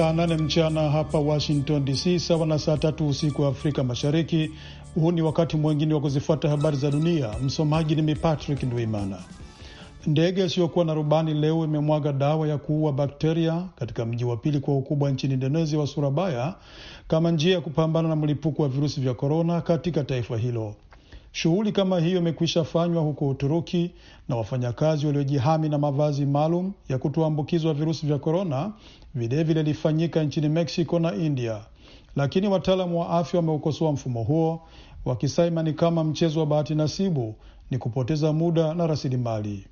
saa nane mchana hapa Washington DC, sawa na saa tatu usiku wa Afrika Mashariki. Huu ni wakati mwengine wa kuzifuata habari za dunia. Msomaji ni mi Patrick Ndwimana. Ndege isiyokuwa na rubani leo imemwaga dawa ya kuua bakteria katika mji wa pili kwa ukubwa nchini Indonesia wa Surabaya, kama njia ya kupambana na mlipuko wa virusi vya korona katika taifa hilo. Shughuli kama hiyo imekwisha fanywa huko Uturuki na wafanyakazi waliojihami na mavazi maalum ya kutoambukizwa virusi vya korona vilevile ilifanyika nchini Mexico na India, lakini wataalamu wa afya wameukosoa mfumo huo wakisema ni kama mchezo wa bahati nasibu, ni kupoteza muda na rasilimali.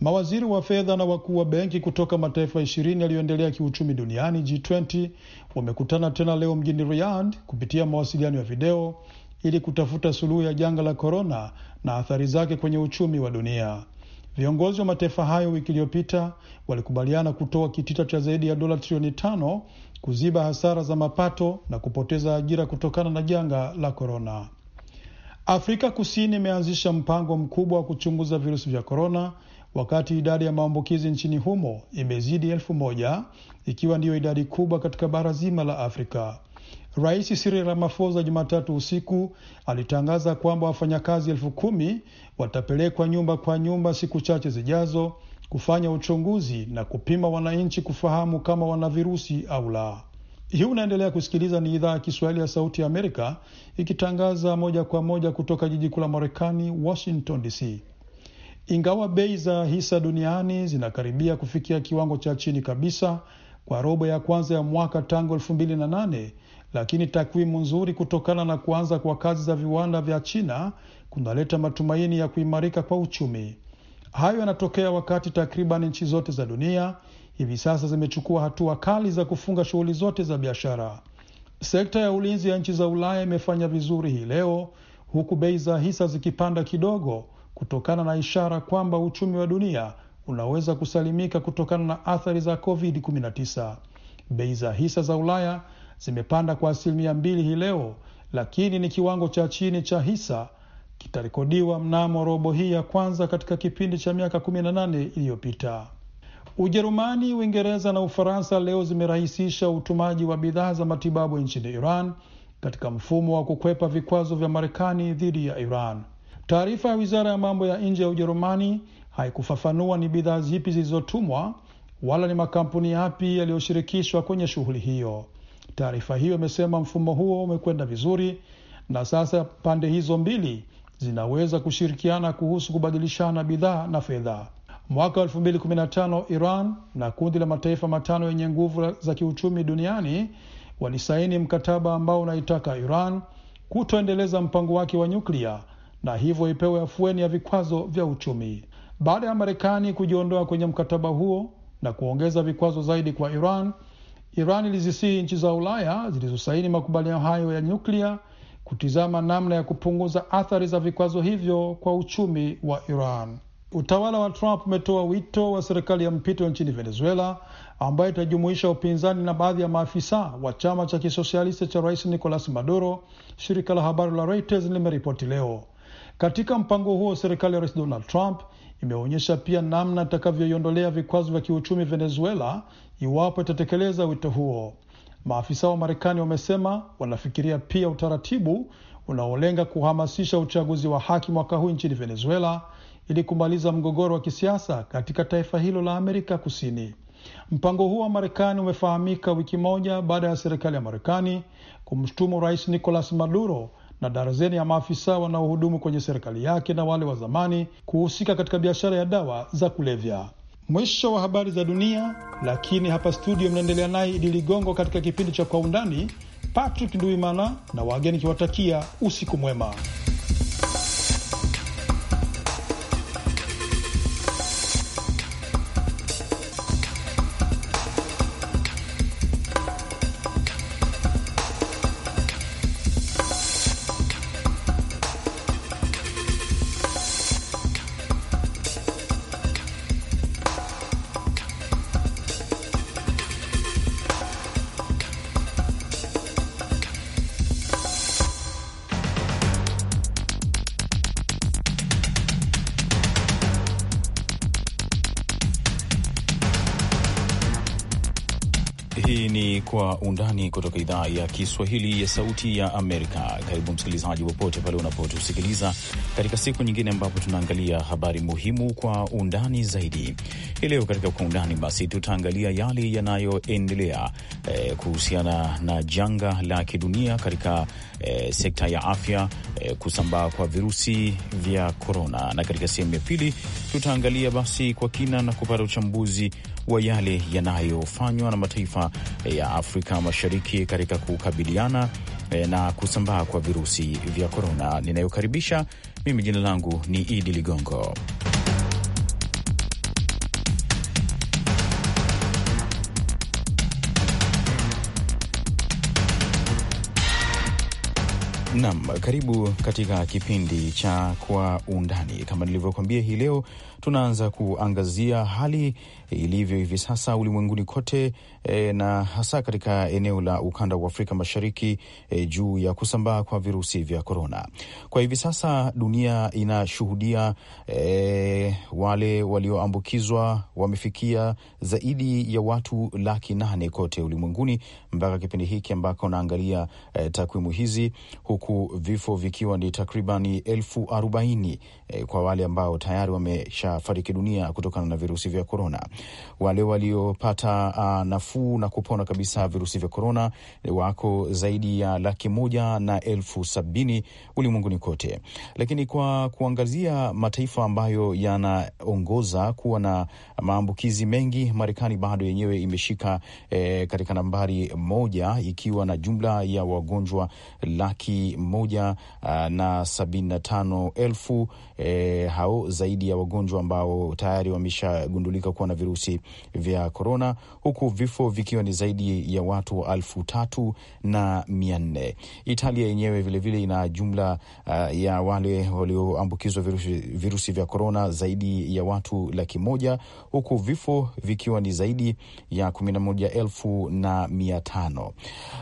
Mawaziri wa fedha na wakuu wa benki kutoka mataifa ishirini yaliyoendelea kiuchumi duniani G20 wamekutana tena leo mjini Riyadh kupitia mawasiliano ya video ili kutafuta suluhu ya janga la korona na athari zake kwenye uchumi wa dunia. Viongozi wa mataifa hayo wiki iliyopita walikubaliana kutoa kitita cha zaidi ya dola trilioni tano kuziba hasara za mapato na kupoteza ajira kutokana na janga la korona. Afrika Kusini imeanzisha mpango mkubwa wa kuchunguza virusi vya korona wakati idadi ya maambukizi nchini humo imezidi elfu moja ikiwa ndiyo idadi kubwa katika bara zima la Afrika. Rais Cyril Ramaphosa Jumatatu usiku alitangaza kwamba wafanyakazi elfu kumi watapelekwa nyumba kwa nyumba siku chache zijazo kufanya uchunguzi na kupima wananchi kufahamu kama wana virusi au la. Hii unaendelea kusikiliza, ni idhaa ya Kiswahili ya Sauti ya Amerika ikitangaza moja kwa moja kutoka jiji kuu la Marekani, Washington DC. Ingawa bei za hisa duniani zinakaribia kufikia kiwango cha chini kabisa kwa robo ya kwanza ya mwaka tangu elfu mbili na nane, lakini takwimu nzuri kutokana na kuanza kwa kazi za viwanda vya China kunaleta matumaini ya kuimarika kwa uchumi. Hayo yanatokea wakati takriban nchi zote za dunia hivi sasa zimechukua hatua kali za kufunga shughuli zote za biashara. Sekta ya ulinzi ya nchi za Ulaya imefanya vizuri hii leo, huku bei za hisa zikipanda kidogo kutokana na ishara kwamba uchumi wa dunia unaweza kusalimika kutokana na athari za COVID-19. Bei za hisa za Ulaya zimepanda kwa asilimia mbili hii leo, lakini ni kiwango cha chini cha hisa kitarekodiwa mnamo robo hii ya kwanza katika kipindi cha miaka 18 iliyopita. Ujerumani, Uingereza na Ufaransa leo zimerahisisha utumaji wa bidhaa za matibabu nchini Iran katika mfumo wa kukwepa vikwazo vya Marekani dhidi ya Iran. Taarifa ya wizara ya mambo ya nje ya Ujerumani haikufafanua ni bidhaa zipi zilizotumwa wala ni makampuni yapi yaliyoshirikishwa kwenye shughuli hiyo. Taarifa hiyo imesema mfumo huo umekwenda vizuri na sasa pande hizo mbili zinaweza kushirikiana kuhusu kubadilishana bidhaa na fedha. Mwaka 2015 Iran na kundi la mataifa matano yenye nguvu za kiuchumi duniani walisaini mkataba ambao unaitaka Iran kutoendeleza mpango wake wa nyuklia na hivyo ipewe afueni ya vikwazo vya uchumi. Baada ya Marekani kujiondoa kwenye mkataba huo na kuongeza vikwazo zaidi kwa Iran, Iran ilizisihi nchi za Ulaya zilizosaini makubaliano hayo ya nyuklia kutizama namna ya kupunguza athari za vikwazo hivyo kwa uchumi wa Iran. Utawala wa Trump umetoa wito wa serikali ya mpito nchini Venezuela ambayo itajumuisha upinzani na baadhi ya maafisa wa chama cha kisosialisti cha Rais Nicolas Maduro, shirika la habari la Reuters limeripoti leo. Katika mpango huo, serikali ya Rais Donald Trump imeonyesha pia namna itakavyoiondolea vikwazo vya kiuchumi Venezuela iwapo itatekeleza wito huo. Maafisa wa Marekani wamesema wanafikiria pia utaratibu unaolenga kuhamasisha uchaguzi wa haki mwaka huu nchini Venezuela ili kumaliza mgogoro wa kisiasa katika taifa hilo la Amerika Kusini. Mpango huo wa Marekani umefahamika wiki moja baada ya serikali ya Marekani kumshutumu Rais Nicolas Maduro na darazeni ya maafisa wanaohudumu kwenye serikali yake na wale wa zamani kuhusika katika biashara ya dawa za kulevya. Mwisho wa habari za dunia, lakini hapa studio mnaendelea naye Idi Ligongo katika kipindi cha Kwa Undani. Patrick Nduimana na wageni kiwatakia usiku mwema. undani kutoka idhaa ya Kiswahili ya Sauti ya Amerika. Karibu msikilizaji, popote pale unapotusikiliza katika siku nyingine ambapo tunaangalia habari muhimu kwa undani zaidi. Hii leo katika kwa undani, basi tutaangalia yale yanayoendelea e, kuhusiana na janga la kidunia katika e, sekta ya afya e, kusambaa kwa virusi vya korona, na katika sehemu ya pili tutaangalia basi kwa kina na kupata uchambuzi wa yale yanayofanywa na mataifa eh, ya Afrika Mashariki katika kukabiliana eh, na kusambaa kwa virusi vya korona. Ninayokaribisha mimi, jina langu ni Idi Ligongo. Nam, karibu katika kipindi cha Kwa Undani. Kama nilivyokuambia, hii leo tunaanza kuangazia hali ilivyo hivi sasa ulimwenguni kote e, na hasa katika eneo la ukanda wa Afrika Mashariki e, juu ya kusambaa kwa virusi vya korona. Kwa hivi sasa dunia inashuhudia e, wale walioambukizwa wamefikia zaidi ya watu laki nane kote ulimwenguni mpaka kipindi hiki ambako naangalia e, takwimu hizi huku huku vifo vikiwa ni takribani elfu arobaini eh, kwa wale ambao tayari wameshafariki dunia kutokana na virusi vya korona. Wale waliopata uh, nafuu na kupona kabisa virusi vya korona eh, wako zaidi ya laki moja na elfu sabini ulimwenguni kote, lakini kwa kuangazia mataifa ambayo yanaongoza kuwa na maambukizi mengi, Marekani bado yenyewe imeshika eh, katika nambari moja ikiwa na jumla ya wagonjwa laki moja uh, ah, na sabini na tano elfu e, hao zaidi ya wagonjwa ambao tayari wameshagundulika kuwa na virusi vya korona, huku vifo vikiwa ni zaidi ya watu alfu tatu na mia nne. Italia yenyewe vilevile ina jumla uh, ya wale walioambukizwa virusi, virusi vya korona zaidi ya watu laki moja huku vifo vikiwa ni zaidi ya kumi na moja elfu na mia tano.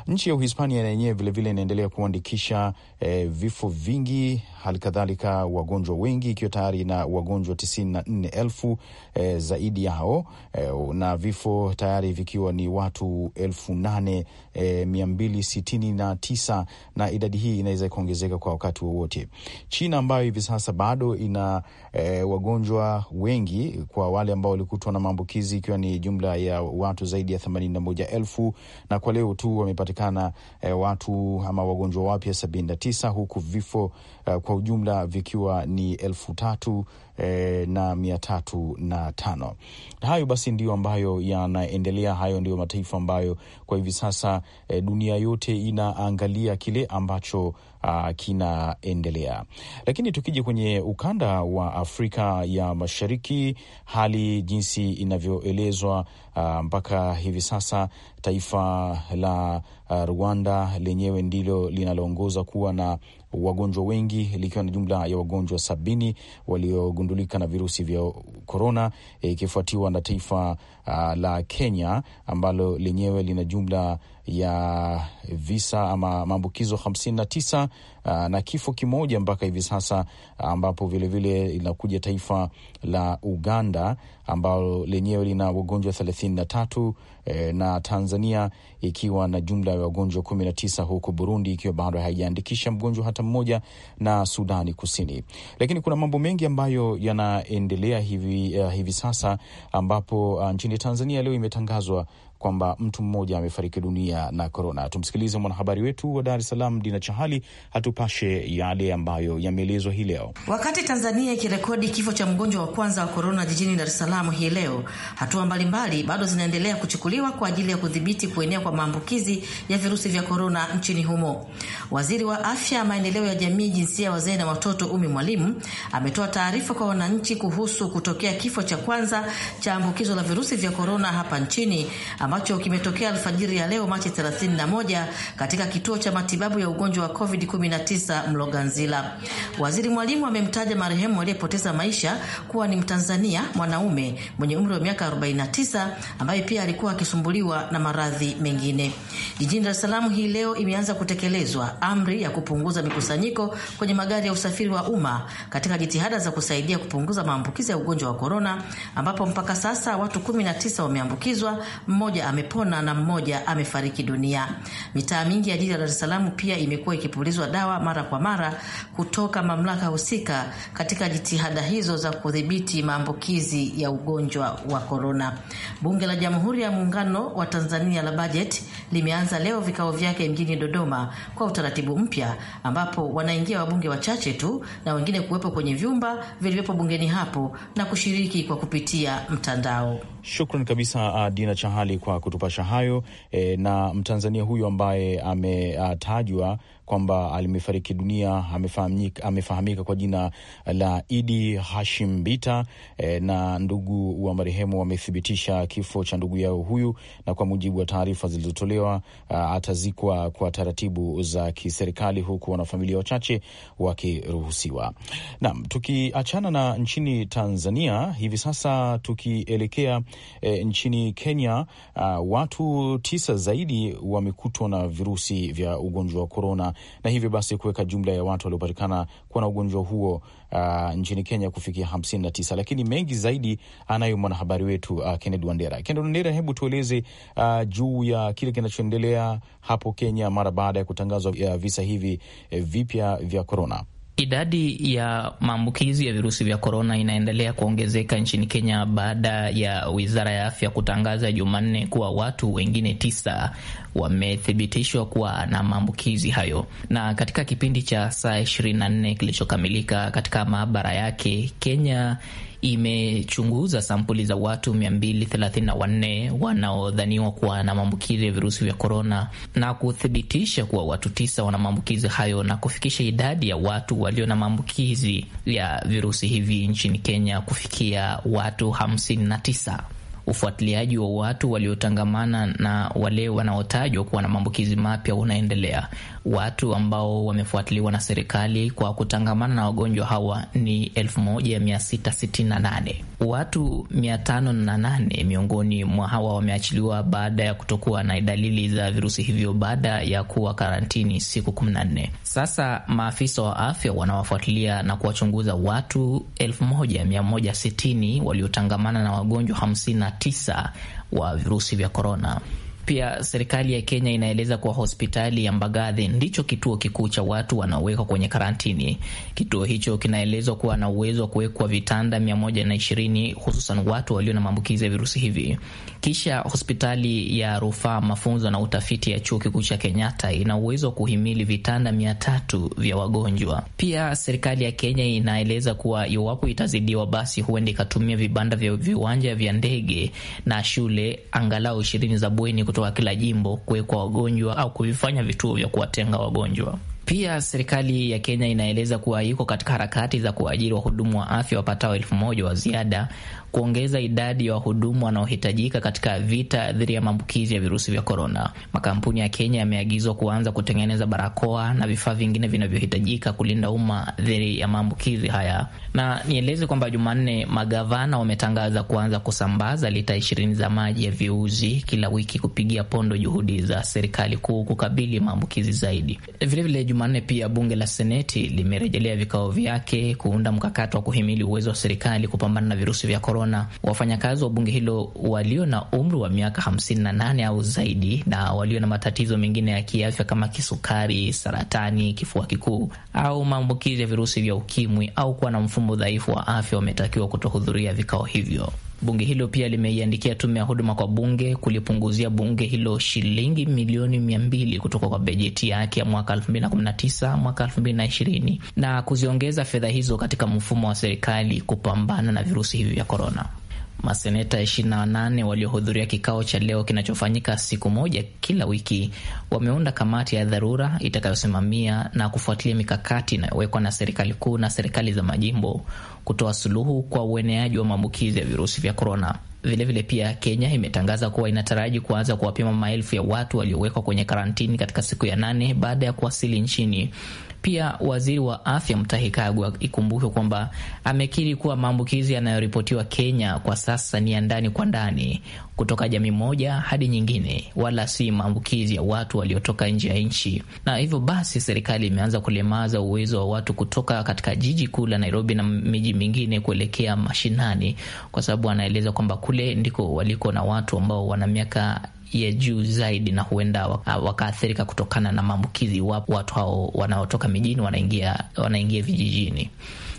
Nchi ya Uhispania yenyewe vilevile inaendelea kuandikisha tumeona eh, vifo vingi hali kadhalika wagonjwa wengi, ikiwa tayari na wagonjwa tisini elfu e, zaidi yao e, eh, na vifo tayari vikiwa ni watu 8269 e, eh, na na idadi hii inaweza kuongezeka kwa wakati wowote. China ambayo hivi sasa bado ina e, wagonjwa wengi kwa wale ambao walikutwa na maambukizi ikiwa ni jumla ya watu zaidi ya themanini na elfu na kwa leo tu wamepatikana e, watu ama wagonjwa wapya 79 huku vifo Eh, kwa ujumla vikiwa ni elfu tatu eh, na mia tatu na tano. Hayo basi ndiyo ambayo yanaendelea, hayo ndiyo mataifa ambayo kwa hivi sasa e, dunia yote inaangalia kile ambacho ah, kinaendelea lakini tukija kwenye ukanda wa Afrika ya Mashariki, hali jinsi inavyoelezwa Ah, mpaka uh, hivi sasa taifa la uh, Rwanda lenyewe ndilo linaloongoza kuwa na wagonjwa wengi likiwa na jumla ya wagonjwa sabini waliogundulika na virusi vya korona, ikifuatiwa e, na taifa uh, la Kenya ambalo lenyewe lina jumla ya visa ama maambukizo hamsini na tisa Ah, na kifo kimoja mpaka hivi sasa, ah, ambapo vilevile linakuja taifa la Uganda ambalo lenyewe lina wagonjwa thelathini na tatu e, na Tanzania ikiwa na jumla ya wagonjwa kumi na tisa huku Burundi ikiwa bado haijaandikisha mgonjwa hata mmoja na Sudani Kusini. Lakini kuna mambo mengi ambayo yanaendelea hivi, uh, hivi sasa ambapo uh, nchini Tanzania leo imetangazwa kwamba mtu mmoja amefariki dunia na korona. Tumsikilize mwanahabari wetu wa Dar es Salaam, Dina Chahali, hatupashe yale ambayo yameelezwa hii leo. Wakati Tanzania ikirekodi kifo cha mgonjwa wa kwanza wa korona jijini Dar es Salaam hii leo, hatua mbalimbali bado zinaendelea kuchukuliwa kwa ajili ya kudhibiti kuenea kwa maambukizi ya virusi vya korona nchini humo. Waziri wa Afya, Maendeleo ya Jamii, Jinsia, Wazee na Watoto, Umi Mwalimu, ametoa taarifa kwa wananchi kuhusu kutokea kifo cha kwanza cha ambukizo la virusi vya korona hapa nchini ambacho kimetokea alfajiri ya leo Machi 31 katika kituo cha matibabu ya ugonjwa wa COVID-19 Mloganzila. Waziri Mwalimu amemtaja marehemu aliyepoteza maisha kuwa ni Mtanzania mwanaume mwenye umri wa miaka 49 ambaye pia alikuwa akisumbuliwa na maradhi mengine. Jijini Dar es Salaam hii leo imeanza kutekelezwa amri ya kupunguza mikusanyiko kwenye magari ya usafiri wa umma katika jitihada za kusaidia kupunguza maambukizi ya ugonjwa wa korona, ambapo mpaka sasa watu 19 wameambukizwa, mmoja mmoja amepona na mmoja amefariki dunia. Mitaa mingi ya jiji la Dar es Salaam pia imekuwa ikipulizwa dawa mara kwa mara kutoka mamlaka husika katika jitihada hizo za kudhibiti maambukizi ya ugonjwa wa korona. Bunge la Jamhuri ya Muungano wa Tanzania la bajeti limeanza leo vikao vyake mjini Dodoma kwa utaratibu mpya, ambapo wanaingia wabunge wachache tu na wengine kuwepo kwenye vyumba vilivyopo bungeni hapo na kushiriki kwa kupitia mtandao. Shukran kabisa uh, Dina Chahali kwa kutupasha hayo e, na Mtanzania huyu ambaye ametajwa kwamba alimefariki dunia amefahamika, kwa jina la Idi Hashim Bita e, na ndugu wa marehemu wamethibitisha kifo cha ndugu yao huyu, na kwa mujibu wa taarifa zilizotolewa eh, atazikwa kwa taratibu za kiserikali, huku wanafamilia wachache wakiruhusiwa. Naam, tukiachana na nchini Tanzania hivi sasa tukielekea e, nchini Kenya a, ah, watu tisa zaidi wamekutwa na virusi vya ugonjwa wa korona na hivyo basi kuweka jumla ya watu waliopatikana kuwa na ugonjwa huo uh, nchini Kenya kufikia hamsini na tisa. Lakini mengi zaidi anayo mwanahabari wetu uh, Kennedy Wandera. Kennedy Wandera, hebu tueleze uh, juu ya kile kinachoendelea hapo Kenya mara baada ya kutangazwa uh, visa hivi eh, vipya vya korona. Idadi ya maambukizi ya virusi vya korona inaendelea kuongezeka nchini Kenya baada ya wizara ya afya kutangaza Jumanne kuwa watu wengine tisa wamethibitishwa kuwa na maambukizi hayo, na katika kipindi cha saa 24 kilichokamilika katika maabara yake Kenya imechunguza sampuli za watu 234 wanaodhaniwa kuwa na maambukizi ya virusi vya korona na kuthibitisha kuwa watu tisa wana maambukizi hayo na kufikisha idadi ya watu walio na maambukizi ya virusi hivi nchini Kenya kufikia watu 59 ufuatiliaji wa watu waliotangamana na wale wanaotajwa kuwa na maambukizi mapya unaendelea. Watu ambao wamefuatiliwa na serikali kwa kutangamana na wagonjwa hawa ni 1668. Watu 508 miongoni mwa hawa wameachiliwa baada ya kutokuwa na dalili za virusi hivyo baada ya kuwa karantini siku 14. Sasa maafisa wa afya wanawafuatilia na kuwachunguza watu 1160 waliotangamana na wagonjwa tisa wa virusi vya korona. Pia serikali ya Kenya inaeleza kuwa hospitali ya Mbagathi ndicho kituo kikuu cha watu wanaowekwa kwenye karantini. Kituo hicho kinaelezwa kuwa na uwezo wa kuwekwa vitanda 120 hususan watu walio na maambukizi ya virusi hivi. Kisha hospitali ya rufaa mafunzo na utafiti ya chuo kikuu cha Kenyatta ina uwezo wa kuhimili vitanda 300 vya wagonjwa. Pia serikali ya Kenya inaeleza kuwa iwapo itazidiwa, basi huenda ikatumia vibanda vya viwanja vya ndege na shule angalau ishirini za bweni kutoka kila jimbo kuwekwa wagonjwa au kuvifanya vituo vya kuwatenga wagonjwa. Pia serikali ya Kenya inaeleza kuwa iko katika harakati za kuajiri wahudumu wa afya wapatao elfu moja wa ziada kuongeza idadi ya wahudumu wanaohitajika katika vita dhidi ya maambukizi ya virusi vya korona. Makampuni ya Kenya yameagizwa kuanza kutengeneza barakoa na vifaa vingine vinavyohitajika kulinda umma dhidi ya maambukizi haya. Na nieleze kwamba Jumanne magavana wametangaza kuanza kusambaza lita ishirini za maji ya viuzi kila wiki kupigia pondo juhudi za serikali kuu kukabili maambukizi zaidi. Vilevile Jumanne pia bunge la Seneti limerejelea vikao vyake kuunda mkakati wa kuhimili uwezo wa serikali kupambana na virusi vya korona. Wafanyakazi wa bunge hilo walio na umri wa miaka 58 au zaidi na walio na matatizo mengine ya kiafya kama kisukari, saratani, kifua kikuu au maambukizi ya virusi vya ukimwi au kuwa na mfumo dhaifu wa afya wametakiwa kutohudhuria vikao hivyo. Bunge hilo pia limeiandikia tume ya huduma kwa bunge kulipunguzia bunge hilo shilingi milioni mia mbili kutoka kwa bajeti yake ya mwaka 2019 mwaka 2020 na kuziongeza fedha hizo katika mfumo wa serikali kupambana na virusi hivi vya korona. Maseneta 28 waliohudhuria kikao cha leo kinachofanyika siku moja kila wiki wameunda kamati ya dharura itakayosimamia na kufuatilia mikakati inayowekwa na serikali kuu na serikali za majimbo kutoa suluhu kwa ueneaji wa maambukizi ya virusi vya korona. Vilevile pia Kenya imetangaza kuwa inataraji kuanza kuwapima maelfu ya watu waliowekwa kwenye karantini katika siku ya nane baada ya kuwasili nchini. Pia waziri wa afya Mutahi Kagwe, ikumbuke kwamba amekiri kuwa maambukizi yanayoripotiwa Kenya kwa sasa ni ya ndani kwa ndani, kutoka jamii moja hadi nyingine, wala si maambukizi ya watu waliotoka nje ya nchi, na hivyo basi serikali imeanza kulemaza uwezo wa watu kutoka katika jiji kuu la Nairobi na miji mingine kuelekea mashinani, kwa sababu anaeleza kwamba kule ndiko waliko na watu ambao wana miaka ya juu zaidi, na huenda wakaathirika kutokana na maambukizi iwapo watu hao wanaotoka mijini wanaingia wanaingia vijijini.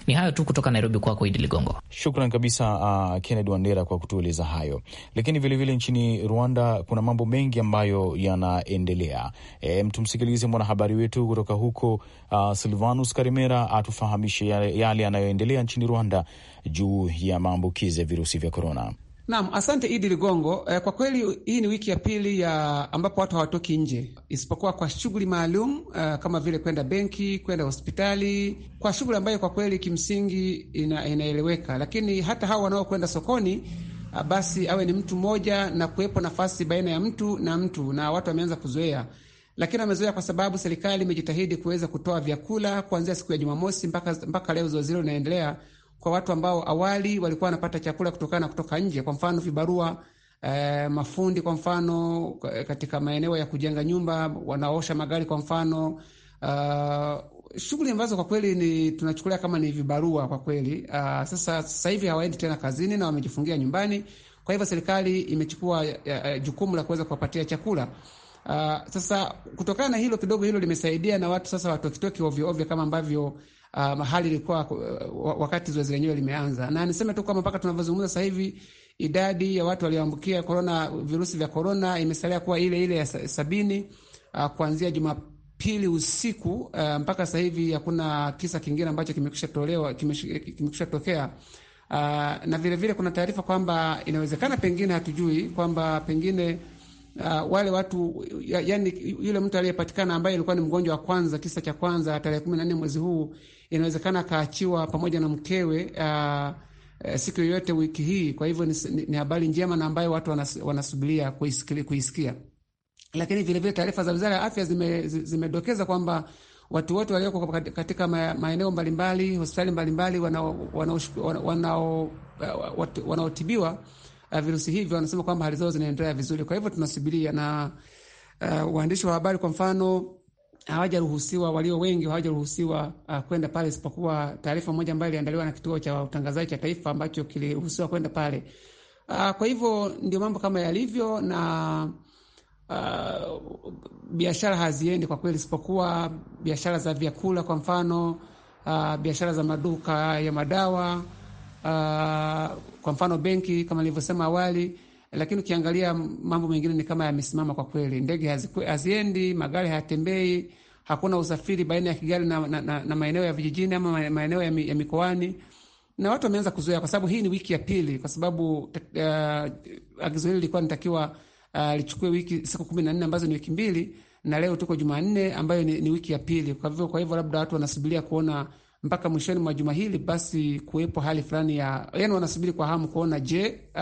Ni hayo tu kutoka Nairobi, kwako Idi Ligongo. Shukran kabisa uh, Kennedy Wandera kwa kutueleza hayo. Lakini vilevile vile nchini Rwanda kuna mambo mengi ambayo yanaendelea. E, tumsikilize mwanahabari wetu kutoka huko uh, Silvanus Karimera atufahamishe yale yanayoendelea nchini Rwanda juu ya maambukizi ya virusi vya korona. Naam, asante Idi Ligongo. Eh, kwa kweli hii ni wiki ya pili ya ambapo watu hawatoki nje isipokuwa kwa shughuli maalum uh, kama vile kwenda benki, kwenda hospitali, kwa shughuli ambayo kwa kweli kimsingi ina, inaeleweka. Lakini hata hao wanaokwenda sokoni uh, basi awe ni mtu mmoja na kuwepo nafasi baina ya mtu na mtu, na watu wameanza kuzoea, lakini wamezoea kwa sababu serikali imejitahidi kuweza kutoa vyakula kuanzia siku ya Jumamosi mpaka, mpaka leo zoezi hilo linaendelea kwa watu ambao awali walikuwa wanapata chakula kutokana kutoka nje, kwa mfano vibarua eh, mafundi kwa mfano eh, katika maeneo ya kujenga nyumba, wanaosha magari kwa mfano uh, shughuli ambazo kwa kweli ni tunachukulia kama ni vibarua kwa kweli. Uh, sasa sasa hivi hawaendi tena kazini na wamejifungia nyumbani, kwa hivyo serikali imechukua jukumu la kuweza kuwapatia chakula. Uh, sasa kutokana na hilo kidogo, hilo limesaidia na watu sasa watokitoki ovyo ovyo kama ambavyo uh, mahali ilikuwa uh, wakati zoezi lenyewe limeanza, na niseme tu kwamba mpaka tunavyozungumza sasa hivi idadi ya watu walioambukia korona virusi vya korona imesalia kuwa ile ile ya sabini uh, kuanzia Jumapili usiku uh, mpaka sasa hivi hakuna kisa kingine ambacho kimekwisha tolewa kimekwisha tokea. Uh, na vilevile vile kuna taarifa kwamba inawezekana pengine, hatujui kwamba pengine uh, wale watu ya, yani yule mtu aliyepatikana ambaye alikuwa ni mgonjwa wa kwanza, kisa cha kwanza tarehe 14 mwezi huu, inawezekana akaachiwa pamoja na mkewe uh, siku yoyote wiki hii. Kwa hivyo ni, ni habari njema na ambayo watu wanas, wanasubiria kuisikia. Lakini vilevile taarifa za Wizara ya Afya zimedokeza zime kwamba watu wote walioko katika maeneo mbalimbali, hospitali mbalimbali wanaotibiwa Eh, virusi hivyo, wanasema kwamba hali zao zinaendelea vizuri. Kwa hivyo tunasubiria na uh, waandishi wa habari kwa mfano hawajaruhusiwa, walio wengi hawajaruhusiwa uh, kwenda pale, isipokuwa taarifa moja ambayo iliandaliwa na kituo cha utangazaji cha taifa ambacho kiliruhusiwa kwenda pale. Uh, kwa hivyo ndio mambo kama yalivyo na uh, biashara haziendi kwa kweli, isipokuwa biashara za vyakula kwa mfano uh, biashara za maduka ya madawa Uh, kwa mfano benki kama nilivyosema awali, lakini ukiangalia mambo mengine ni kama yamesimama kwa kweli. Ndege haziendi, magari hayatembei, hakuna usafiri baina ya Kigali na, na, na, na maeneo ya vijijini ama maeneo ya, mi, ya mikoani na watu wameanza kuzoea, kwa sababu hii ni wiki ya pili, kwa sababu uh, agizo hili lilikuwa linatakiwa uh, lichukue wiki siku kumi na nne ambazo ni wiki mbili, na leo tuko Jumanne ambayo ni, ni wiki ya pili. Kwa hivyo, kwa hivyo labda watu wanasubiria kuona mpaka mwishoni mwa juma hili, basi kuwepo hali fulani ya yani, wanasubiri kwa hamu kuona je, uh,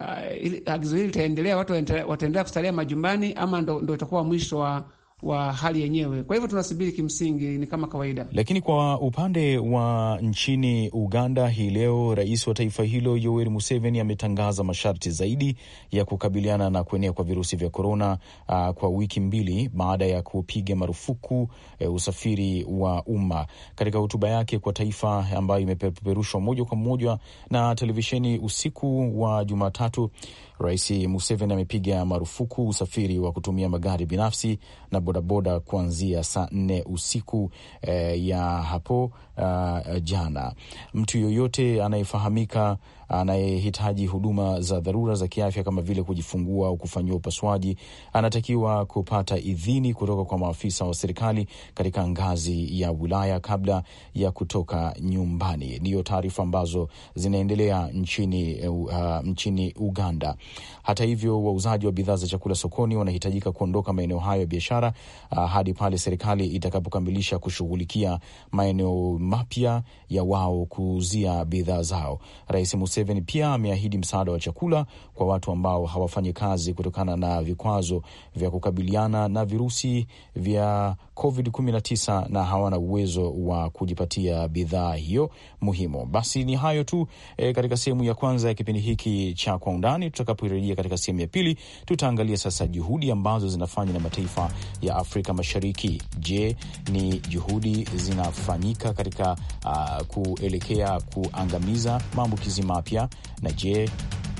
uh, agizo hili litaendelea, watu wataendelea kustarehe majumbani ama ndo, ndo itakuwa mwisho wa wa hali yenyewe. Kwa hivyo tunasubiri, kimsingi ni kama kawaida. Lakini kwa upande wa nchini Uganda hii leo, rais wa taifa hilo Yoweri Museveni ametangaza masharti zaidi ya kukabiliana na kuenea kwa virusi vya korona uh, ah, kwa wiki mbili baada ya kupiga marufuku uh, usafiri wa umma. Katika hotuba yake kwa taifa ambayo imepeperushwa moja kwa moja na televisheni usiku wa Jumatatu, rais Museveni amepiga marufuku usafiri wa kutumia magari binafsi na bodaboda kuanzia saa nne usiku eh, ya hapo uh, jana. Mtu yoyote anayefahamika anayehitaji huduma za dharura za kiafya kama vile kujifungua au kufanyiwa upasuaji anatakiwa kupata idhini kutoka kwa maafisa wa serikali katika ngazi ya wilaya kabla ya kutoka nyumbani. Ndiyo taarifa ambazo zinaendelea nchini, uh, nchini Uganda. Hata hivyo, wauzaji wa bidhaa za chakula sokoni wanahitajika kuondoka maeneo hayo ya biashara uh, hadi pale serikali itakapokamilisha kushughulikia maeneo mapya ya wao kuuzia bidhaa zao. Rais Museveni pia ameahidi msaada wa chakula kwa watu ambao hawafanyi kazi kutokana na vikwazo vya kukabiliana na virusi vya COVID-19 na hawana uwezo wa kujipatia bidhaa hiyo muhimu. Basi ni hayo tu e, katika sehemu ya kwanza ya kipindi hiki cha Kwa Undani. Tutakaporejea katika sehemu ya pili, tutaangalia sasa juhudi ambazo zinafanywa na mataifa ya Afrika Mashariki. Je, ni juhudi zinafanyika katika uh, kuelekea kuangamiza maambukizi mapya mapya? Na je,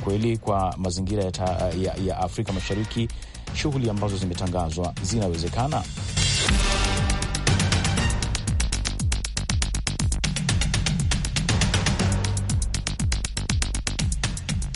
kweli kwa mazingira ya, ta, ya, ya Afrika Mashariki shughuli ambazo zimetangazwa zinawezekana?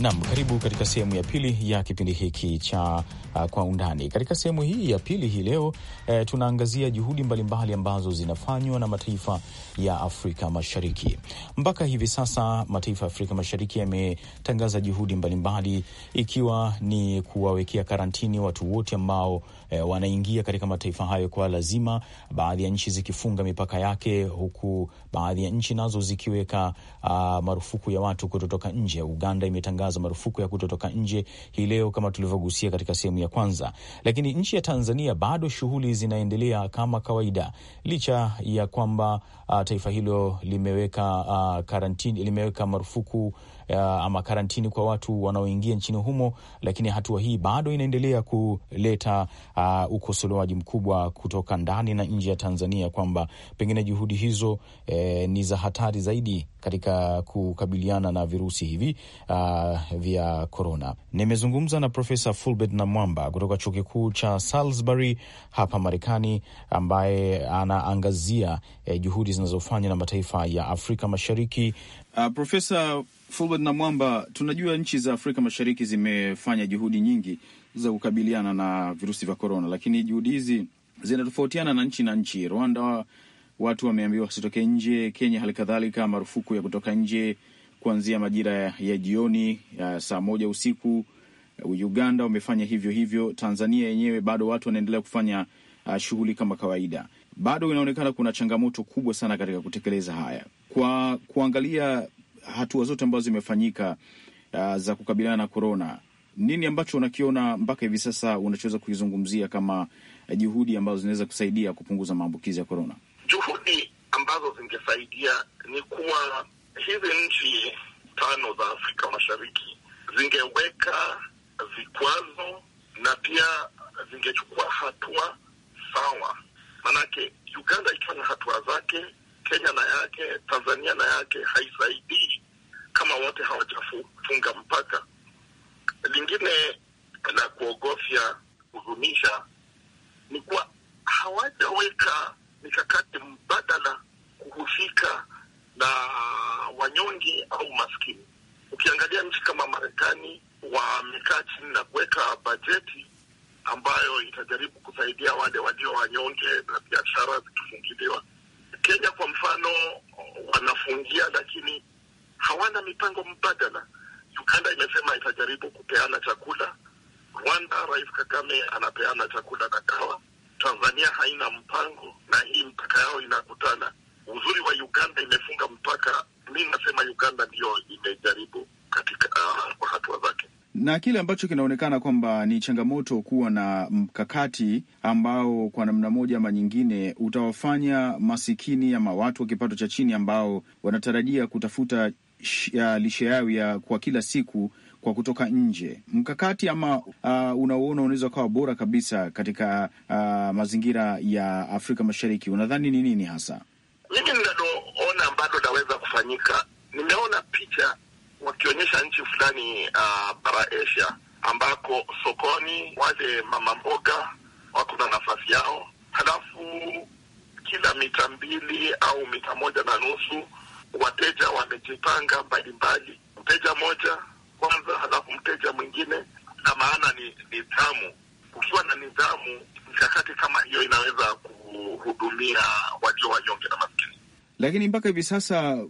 Nam, karibu katika sehemu ya pili ya kipindi hiki cha uh, kwa undani. Katika sehemu hii ya pili hii leo eh, tunaangazia juhudi mbalimbali mbali ambazo zinafanywa na mataifa ya Afrika Mashariki. Mpaka hivi sasa mataifa ya Afrika Mashariki yametangaza juhudi mbalimbali mbali, ikiwa ni kuwawekea karantini watu wote ambao eh, wanaingia katika mataifa hayo kwa lazima, baadhi ya nchi zikifunga mipaka yake, huku baadhi ya nchi nazo zikiweka uh, marufuku ya watu kutotoka nje. Uganda imetangaza kutangaza marufuku ya kutotoka nje hii leo kama tulivyogusia katika sehemu ya kwanza, lakini nchi ya Tanzania bado shughuli zinaendelea kama kawaida licha ya kwamba uh, taifa hilo limeweka uh, ah, karantini, limeweka marufuku uh, ama karantini kwa watu wanaoingia nchini humo, lakini hatua hii bado inaendelea kuleta uh, ukosolewaji mkubwa kutoka ndani na nje ya Tanzania kwamba pengine juhudi hizo eh, ni za hatari zaidi katika kukabiliana na virusi hivi uh, vya korona. Nimezungumza na Profesa Fulbert Namwamba kutoka chuo kikuu cha Salisbury hapa Marekani, ambaye anaangazia eh, juhudi zinazofanywa na mataifa ya Afrika Mashariki. Uh, Profesa Fulbert na Mwamba, tunajua nchi za Afrika Mashariki zimefanya juhudi nyingi za kukabiliana na virusi vya korona, lakini juhudi hizi zinatofautiana na nchi na nchi. Rwanda watu wameambiwa wasitoke nje, Kenya hali kadhalika, marufuku ya kutoka nje kuanzia majira ya, ya jioni ya saa moja usiku. Uganda wamefanya hivyo hivyo. Tanzania yenyewe bado watu wanaendelea kufanya uh, shughuli kama kawaida. Bado inaonekana kuna changamoto kubwa sana katika kutekeleza haya. Kwa kuangalia hatua zote ambazo zimefanyika uh, za kukabiliana na korona, nini ambacho unakiona mpaka hivi sasa unachoweza kuizungumzia kama uh, juhudi ambazo zinaweza kusaidia kupunguza maambukizi ya korona? Juhudi ambazo zingesaidia ni kuwa hizi nchi tano za Afrika Mashariki zingeweka vikwazo na pia zingechukua hatua sawa. Manake Uganda ikiwa na hatua zake, Kenya na yake, Tanzania na yake, haisaidii kama wote hawajafunga mpaka. Lingine la kuogofya, kuhuzunisha ni kuwa hawajaweka mikakati mbadala kuhusika na wanyonge au maskini. Ukiangalia nchi kama Marekani, wamekaa chini na kuweka bajeti ambayo itajaribu kusaidia wale walio wanyonge na biashara zikifungiliwa Kenya kwa mfano wanafungia, lakini hawana mipango mbadala. Uganda imesema itajaribu kupeana chakula. Rwanda, Rais Kagame anapeana chakula na dawa. Tanzania haina mpango, na hii mpaka yao inakutana. Uzuri wa Uganda imefunga mpaka. Mi nasema Uganda ndiyo imejaribu katika uh, hatua zake na kile ambacho kinaonekana kwamba ni changamoto kuwa na mkakati ambao kwa namna moja ama nyingine utawafanya masikini ama watu wa kipato cha chini ambao wanatarajia kutafuta ya lishe yao ya kwa kila siku kwa kutoka nje, mkakati ama uh, unaoona unaweza ukawa bora kabisa katika uh, mazingira ya Afrika Mashariki, unadhani ni nini hasa? Mimi ninaloona ambalo naweza kufanyika, nimeona picha wakionyesha nchi fulani uh, bara Asia ambako sokoni wale mama mboga wako na nafasi yao, halafu kila mita mbili au mita moja na nusu wateja wamejipanga mbalimbali, mteja mmoja kwanza, halafu mteja mwingine, na maana ni nidhamu. Kukiwa na nidhamu, mikakati kama hiyo inaweza kuhudumia walio wanyonge na maskini. Lakini mpaka hivi sasa,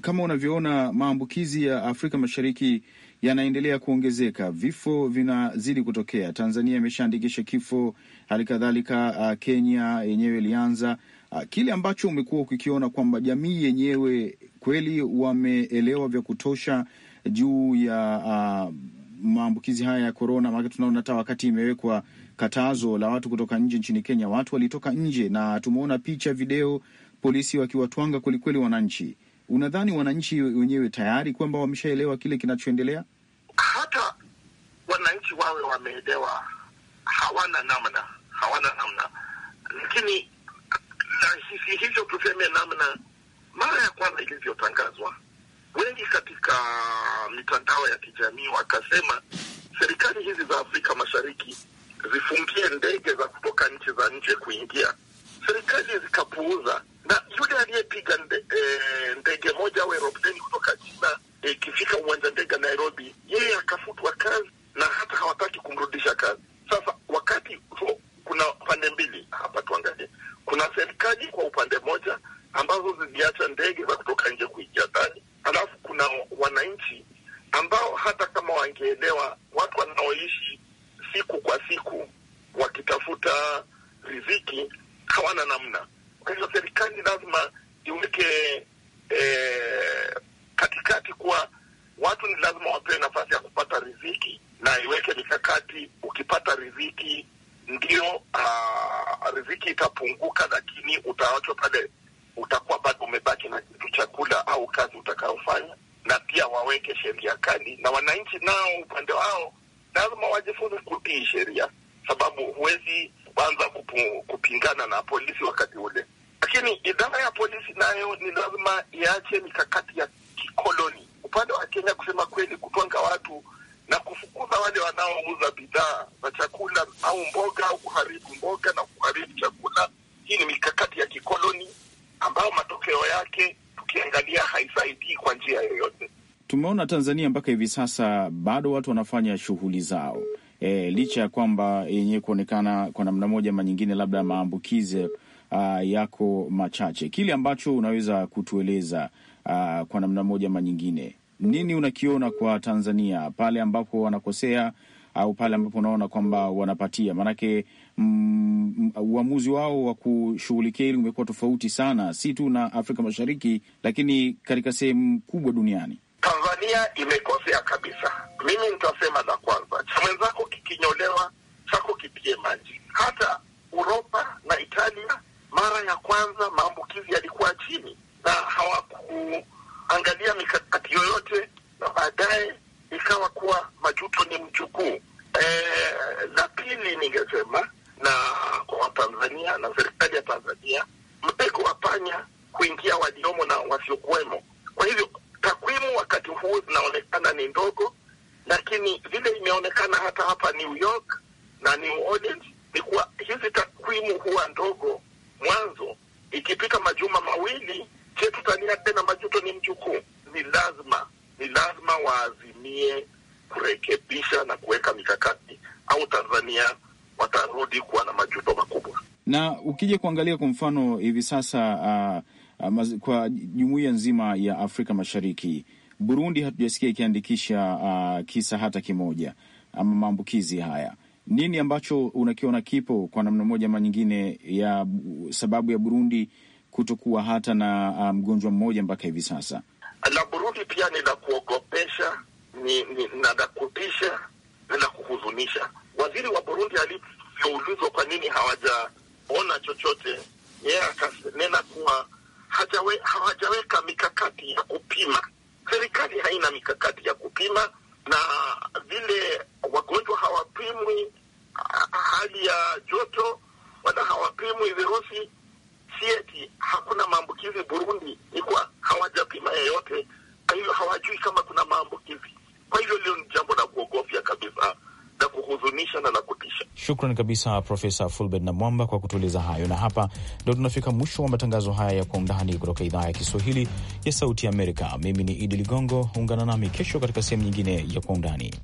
kama unavyoona, maambukizi ya Afrika Mashariki yanaendelea kuongezeka, vifo vinazidi kutokea. Tanzania imeshaandikisha kifo, hali kadhalika uh, Kenya yenyewe ilianza Ah, kile ambacho umekuwa ukikiona kwamba jamii yenyewe kweli wameelewa vya kutosha juu ya uh, maambukizi haya ya korona? Maana tunaona hata wakati imewekwa katazo la watu kutoka nje nchini Kenya, watu walitoka nje na tumeona picha, video, polisi wakiwatwanga kwelikweli wananchi. Unadhani wananchi wenyewe tayari kwamba wameshaelewa kile kinachoendelea? Hata wananchi wawe wameelewa, hawana namna, hawana namna, lakini taasisi hizo tuseme, namna mara ya kwanza ilivyotangazwa, wengi katika mitandao ya kijamii wakasema serikali hizi za Afrika Mashariki zifungie ndege za kutoka nchi za nje kuingia. Serikali zikapuuza, na yule aliyepiga nde, e, ndege moja au eropleni kutoka China eh, ikifika e, uwanja lazima iache mikakati ya kikoloni upande wa Kenya, kusema kweli, kutwanga watu na kufukuza wale wanaouza bidhaa za chakula au mboga au kuharibu mboga na kuharibu chakula. Hii ni mikakati ya kikoloni ambayo matokeo yake tukiangalia haisaidii kwa njia yoyote. Tumeona Tanzania mpaka hivi sasa bado watu wanafanya shughuli zao, e, licha ya kwamba yenyewe kuonekana kwa namna moja ama nyingine labda maambukizi uh, yako machache, kile ambacho unaweza kutueleza uh, kwa namna moja ama nyingine, nini unakiona kwa Tanzania pale ambapo wanakosea au pale ambapo unaona kwamba wanapatia? Maanake mm, uamuzi wao wa kushughulikia hili umekuwa tofauti sana, si tu na Afrika Mashariki, lakini katika sehemu kubwa duniani. Tanzania imekosea kabisa. Mimi nitasema la kwanza, cha mwenzako kikinyolewa chako kipige maji. Hata Uropa mara ya kwanza maambukizi yalikuwa chini Tukija kuangalia kwa mfano hivi sasa uh, uh, kwa jumuiya nzima ya Afrika Mashariki, Burundi hatujasikia ikiandikisha uh, kisa hata kimoja ama maambukizi haya. Nini ambacho unakiona kipo kwa namna moja ama nyingine ya sababu ya Burundi kutokuwa hata na uh, mgonjwa mmoja mpaka hivi sasa? La Burundi pia ni la kuogopesha, ni, ni, na la kutisha, ni la kuhuzunisha. Waziri wa Burundi alivyoulizwa kwa nini hawaja ona chochote, yeye akanena kuwa hajawe, hawajaweka mikakati ya kupima. Serikali haina mikakati ya kupima, na vile wagonjwa hawapimwi hali ya joto wala hawapimwi virusi, si eti hakuna maambukizi Burundi, ni kuwa hawajapima yeyote. Kwa hivyo hawajui kama kuna maambukizi. Kwa hivyo lio ni jambo la kuogofya kabisa la kuhuzunisha na la kutisha. Shukran kabisa Profesa Fulbert na Mwamba kwa kutueleza hayo, na hapa ndo tunafika mwisho wa matangazo haya ya Kwa Undani kutoka idhaa ya Kiswahili ya Sauti ya Amerika. Mimi ni Idi Ligongo, ungana nami kesho katika sehemu nyingine ya Kwa Undani.